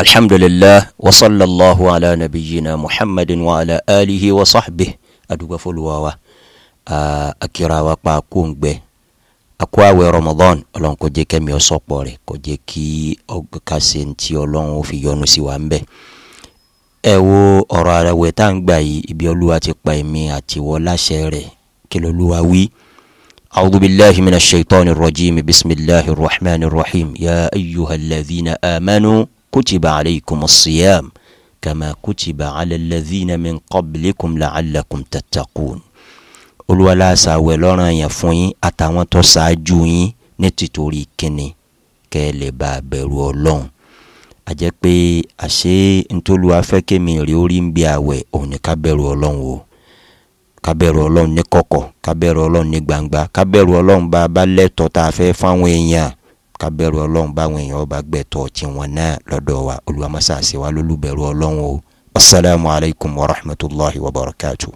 الحمد لله وصلى الله على نبينا محمد وعلى آله وصحبه adúgbò fọlùwàwà akira wa pa kóńgbẹ akó àwẹ̀ Ramadan Ọlọ́run kò jẹ́ kẹmi ọsọpọ rẹ kò jẹ́ kí kásẹ ntí Ọlọ́run ó fi yọ́nú sí wa ńbẹ ẹ wo ọ̀rọ̀ àwẹ̀ tá à ń gbà yìí ibi Olúwa ti pa èmi àti wọ láṣẹ rẹ̀ kí lÓlúwa wí. أعوذ بالله من الشيطان الرجيم بسم الله الرحمن الرحيم يا أيها الذين آمنوا كتب عليكم الصيام كما كتب على الذين من قبلكم لعلكم تتقون. tattaqun olùwàlàsà wẹ̀ lọ́ràn yẹn fún yín àtàwọn tó ṣáájú yín ní tìtorí kínni kẹ́ ẹ lè bá a bẹ̀rù ọlọ́run àjẹ́ pé àṣé ntòlúwa fẹ́ kémi rí orí ń bí àwẹ̀ òun ní ká bẹ̀rù ọlọ́run o ká bẹ̀rù ọlọ́run ní kọ̀kọ̀ ká bẹ̀rù ọlọ́run ní gbangba ká bẹ̀rù ọlọ́run bá a bá lẹ́tọ̀ọ́ tá a fẹ́ fáwọn èèyàn ká bẹ̀rù ọlọ́run báwọn èèyàn ọba gbẹ̀tọ̀ tí wọn náà lọ́dọ̀ wa olùwàmọ́sàsì wa lólùbẹ̀rù ọlọ́run o. asalaamualeykum wa rahmatulahi wa barakatuh.